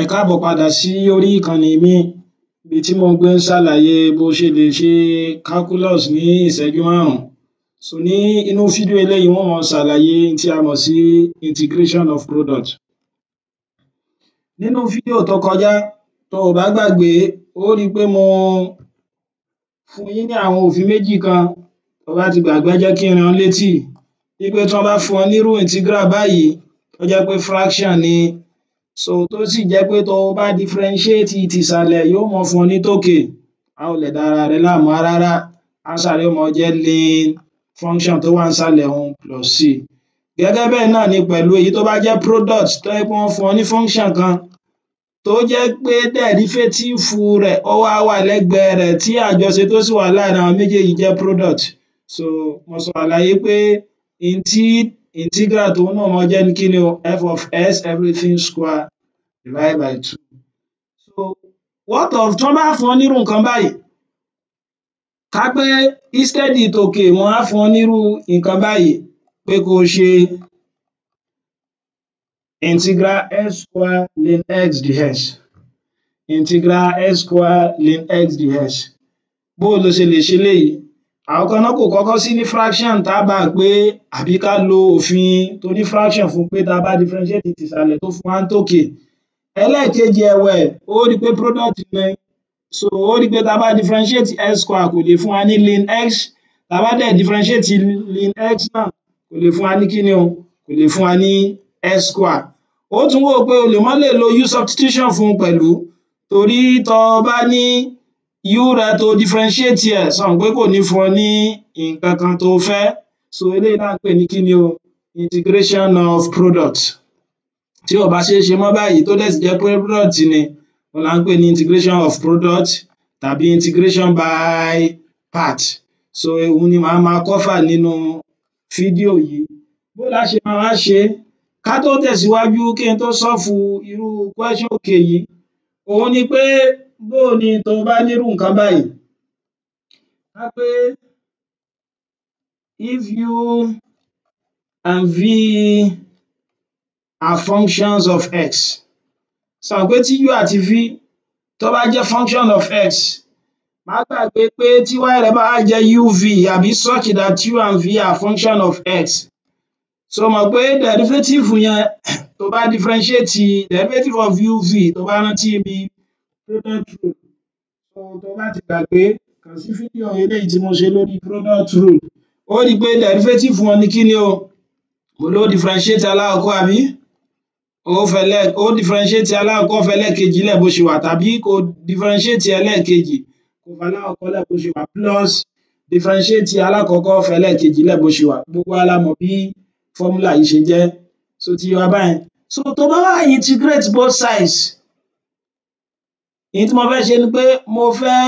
Ẹ káàbọ̀ padà sí orí ìkànnì mi ibi tí mò ń gbé ṣàlàyé bó ṣe lè ṣe calculus ní ìṣẹ́jú márùn-ún. So ní inú fídíò eléyìí n ó ṣàlàyé tí a mọ̀ sí integration of product. Nínú fídíò tó kọjá tó o bá gbàgbé o ó ri pé mo fún yín ní àwọn òfin méjì kan tó o bá ti gbàgbé jẹ́ kí n rán létí wí pé tí wọ́n bá fún ọ nírú integral báyìí tó jẹ́ pé fraction ni so tó sì jẹ́ pé tó o bá differentiate tìsàlẹ̀ yóò mọ fún ọ ní tòkè a ò lè dára rẹ láàmú rárá answer rẹ ó mọ jẹ́ ln function tó wà nísàlẹ̀ òun plus c gẹ́gẹ́ bẹ́ẹ̀ náà ni pẹ̀lú èyí tó bá jẹ́ product tó jẹ́ pé wọ́n fún ọ ní function kan tó jẹ́ pé derivative rẹ̀ ó wá wà lẹ́gbẹ̀ẹ́ rẹ̀ tí àjọṣe tó sì wà láàrin àwọn méjèèjì jẹ́ product so mo sọ àlàyé pé in tí integral tòun náà máa jẹ́ kí ni o f of s everything square divided by two so what of tí wọ́n bá fún ọ nírú nǹkan báyìí ká pé instead tòkè wọ́n á fún ọ nírú nǹkan báyìí pé kó o ṣe integral s square ln x dx integral s square ln x dx bó o lo ṣe lè ṣe eléyìí àwọn kan náà kò kọ́kọ́ sí ní fraction tá a bá pé àbí ká lo òfin tó ní fraction fún pé tá a bá differentiate tìsàlẹ̀ tó fún wa ń tòkè ẹlẹ́ẹ̀kejì ẹ̀wẹ̀ ó rí pé product ni so ó rí pé tá a bá differentiate x square kò lè fún wa ní ln x tá a bá dẹ̀ differentiate ln x náà kò lè fún wa ní kíni o kò lè fún wa ní x square ó tún wò pé o lè mọ́ lo u substitution fún pẹ̀lú torí tó bá ní yúra tó differentiate ẹ̀ sọ pé kò ní fún ọ ní nǹkan kan tó fẹ́ so eléyìí là ń pè ní kí ni o integration of product tí ò bá ṣeé ṣe mọ́ báyìí tó dẹ̀ sì jẹ́ pé product ni òun là ń pè ní integration of product tàbí integration by part so òun ni màá máa cover nínú fídíò yìí bó la ṣe máa wá ṣe ká tó tẹ̀síwájú kí n tó sọ́ọ̀fù irú question òkè yìí òun ni pé bó ni tó bá nírú nǹkan báyìí ká pé if you and v are functions of x sọ pé tí u àti v tó bá jẹ́ function of x má gbàgbé pé tí y rẹ bá wá jẹ́ uv àbí such that u and v are function of x so mọ̀ pé derivative yẹn tó bá differentiate derivative of uv tó bá rántí ibi product rule so tó bá ti gbàgbé kàn sí fídíò eléyìí tí mo ṣe lórí product rule ó rí i pé derivative wọn ni kí ni o mo ló differentiate alákọ̀ọ́kọ́ àbí ó fẹlẹ́ ó differentiate alákọ̀ọ́kọ́ fẹlẹ́kejì lẹ̀ bó ṣe wà tàbí kò differentiate ẹlẹ́ẹ̀kejì kò falákọ̀ọ́kọ́ lẹ̀ bó ṣe wà plus differentiate alákọ̀ọ́kọ́ fẹlẹ́kejì lẹ̀ bó ṣe wà gbogbo wa la mọ̀ bí formula yìí ṣe jẹ́ so ti wá báyìí so tó bá wá integrate both sides Ihun tí mo fẹ́ ṣe ni pé mo fẹ́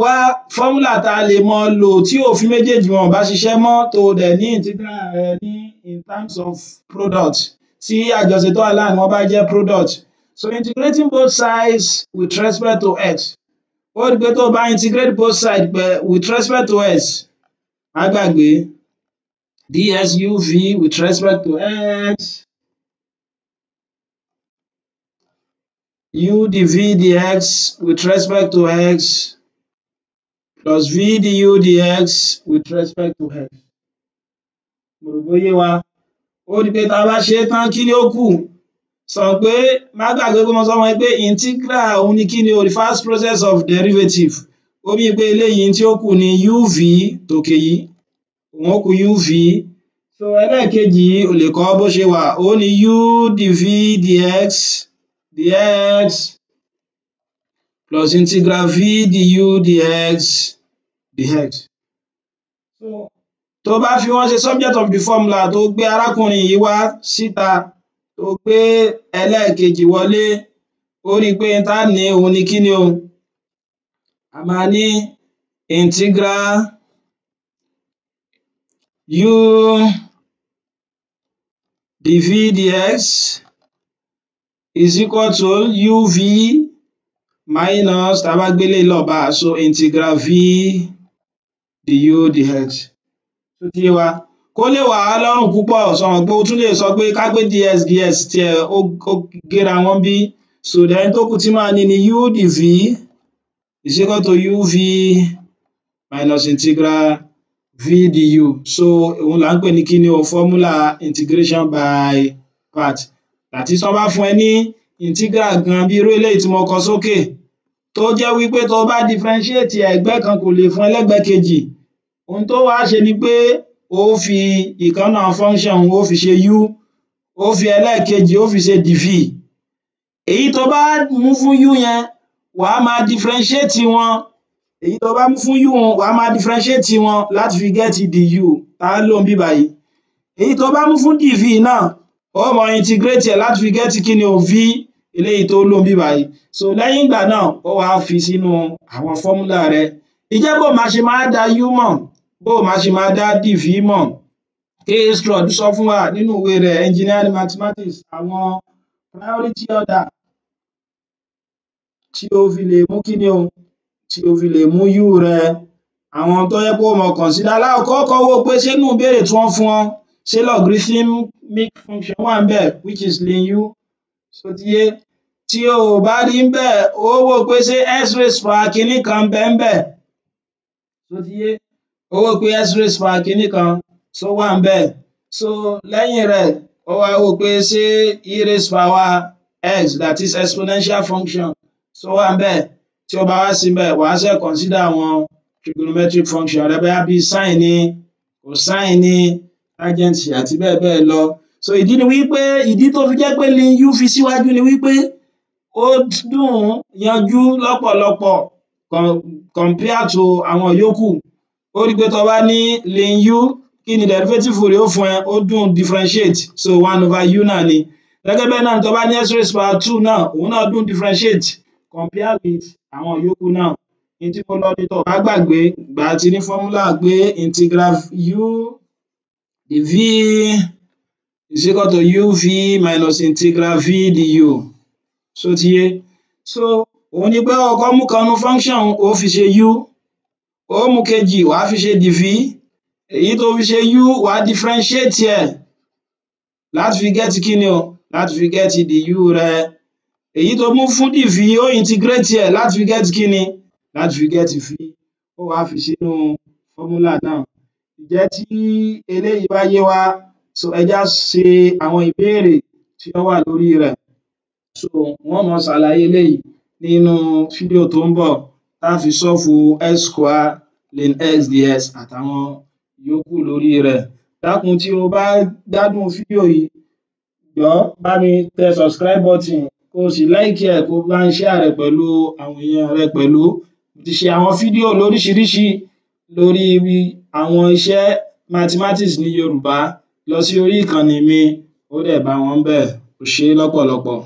wá fọ́múlà tá a lè máa lò tí òfin méjèèjì wọn ò bá ṣiṣẹ́ mọ́ tó o dẹ̀ ní integral rẹ ní in terms of product tí àjọṣe tó wà láàrin wọn bá jẹ́ product. So integrating both sides with respect to x. Ó rí i pé tó o bá integrate both sides with respect to x, má gbàgbé DSUV u v with respect to x u dv dx with respect to x plus v du dx with respect to x. Mo rò bóyé wa. Ó di pé tá a bá ṣe é tán kí ni ó kù? Sọ pé má gbàgbé pé mo sọ wọn pé integral òun ni kí ni o the first process of derivative. Ó bí pé eléyìí tí ó kù ni uv tòkè yìí. Òun ó kù uv. So ẹlẹ́ẹ̀kejì yìí o lè kọ́ bó ṣe wà. Ó ní u dv dx the x plus integral v du dx dx. So, tó bá fi wọ́n ṣe subject of the formula tó gbé arákùnrin yìí wá síta tó gbé ẹlẹ́ẹ̀kejì wọlé ó rí i pé n tá ní òun ni kí ni o a máa ní integral u dv dx is equal to uv minus tá a gbélé lọ bá so integral v du dx tó ti yé wa kó lè wà á lọ́rùn púpọ̀ sọ̀rọ̀ pé o tún lè sọ pé ká gbé ds ds tiẹ̀ ó géra wọn bí sòdẹ́ni tó kù tí máa ní ni u dv is equal to uv minus integral v du so òun là ń pè ní kíni o formula integration by part àti tí wọ́n bá fún ẹ ní integral gan bí irú eléyìí tí mo kọ sókè tó jẹ́ wípé tó bá differentiate ẹ̀gbẹ́ kan kò lè fún ẹlẹ́gbẹ́ kejì ohun tó wàá ṣe ni pé ó fi ìkan náà function ó fi ṣe u ó fi ẹlẹ́ẹ̀kejì ó fi ṣe dv èyí tó bá mú fún u yẹn wàá máa differentiate wọn èyí tó bá mú fún u wọn wàá máa differentiate wọn láti fi get du tá a lò ń bí báyìí èyí tó bá mú fún dv náà ó mọ integrate ẹ̀ láti fi gẹ́ẹ̀tì kí ni o v eléyìí tó lò bí báyìí so lẹ́yìn ìgbà náà ó wàá fi sínú àwọn fọ́múlà rẹ ìjẹ́ bó máa ṣe máa da u mọ̀ bó máa ṣe máa dá dv mọ̀ k.a. Stroud sọ fún wa nínú ìwé rẹ̀ engineering mathematics àwọn priority order tí o fi lè mú kí ni o tí o fi lè mú u rẹ àwọn tó yẹ kó o mọ̀ consider alákọ̀ọ́kọ́ wo pé ṣé inú ìbéèrè tí wọ́n fún ọ ṣé logarithmic function wà ńbẹ̀ which is ln u ṣó ti yé tí o ò bá rí ńbẹ̀ ó wò pé ṣé x raised power kinní kan ń bẹ ńbẹ̀ ṣó ti yé ó wò pé x raised power kinní kan ṣó wà ńbẹ̀ so lẹ́yìn rẹ̀ ó wá wò pé ṣé e raised power x that is exponential function So wà ńbẹ̀ tí ó bá wá sí ńbẹ̀ wàá ṣe consider àwọn trigonometric function rẹ bóyá bíi sine cosine ájẹ́ǹsì àti bẹ́ẹ̀ bẹ́ẹ̀ lọ so ìdí ni wípé ìdí tó fi jẹ́ pé lin u fi síwájú ni wípé ó dùn yanjú lọ́pọ̀lọpọ̀ compare to àwọn yòókù ó rí pé tó bá ní lin u kí ni derivative rẹ̀ ó fún ẹ ó dùn differentiate so one over u náà ni gẹ́gẹ́ bẹ́ẹ̀ náà tó bá ní x raised power two náà òun náà dùn differentiate compare with àwọn yòókù náà ní tí mo lọ ní tó bá gbàgbé gbà á ti ní fọ́múlà pé integral u the V is equal to UV minus integral V du. So ti yé. So òun ni pé ọkọ mú kan function ó fi ṣe U, ó mú kejì wàá fi ṣe dv, èyí tó fi ṣe U wàá differentiate ẹ̀ láti fi gẹ́ẹ̀tì kíni o, láti fi gẹ́ẹ̀tì du rẹ. Èyí tó mú fún dv ó integrate ẹ̀ láti fi gẹ́ẹ̀tì kíni, láti fi gẹ́ẹ̀tì v, ó wàá fi sínú formula náà. Ǹjẹ́ tí eléyìí bá yé wa so ẹ jẹ́ á ṣe àwọn ìbéèrè tí ó wà lórí rẹ̀ so n ó máa ṣàlàyé eléyìí nínú fídíò tó ń bọ̀ tá fi ṣọ́ọ̀fù x square lin x dx àtàwọn ìyókù lórí rẹ̀. Dákun tí o bá gbádùn fídíò yìí jọ̀ọ́ bá mi tẹ subscribe button ko sì like ẹ̀ ko bá ń share rẹ̀ pẹ̀lú àwọn èèyàn rẹ pẹ̀lú. Mo ti ṣe àwọn fídíò lóríṣiríṣi lórí àwọn iṣẹ́ mathematics ní Yorùbá lọ sí orí ìkànnì mi, ó dẹ̀ bá wọn ńbẹ̀. O ṣé lọ́pọ̀lọpọ̀.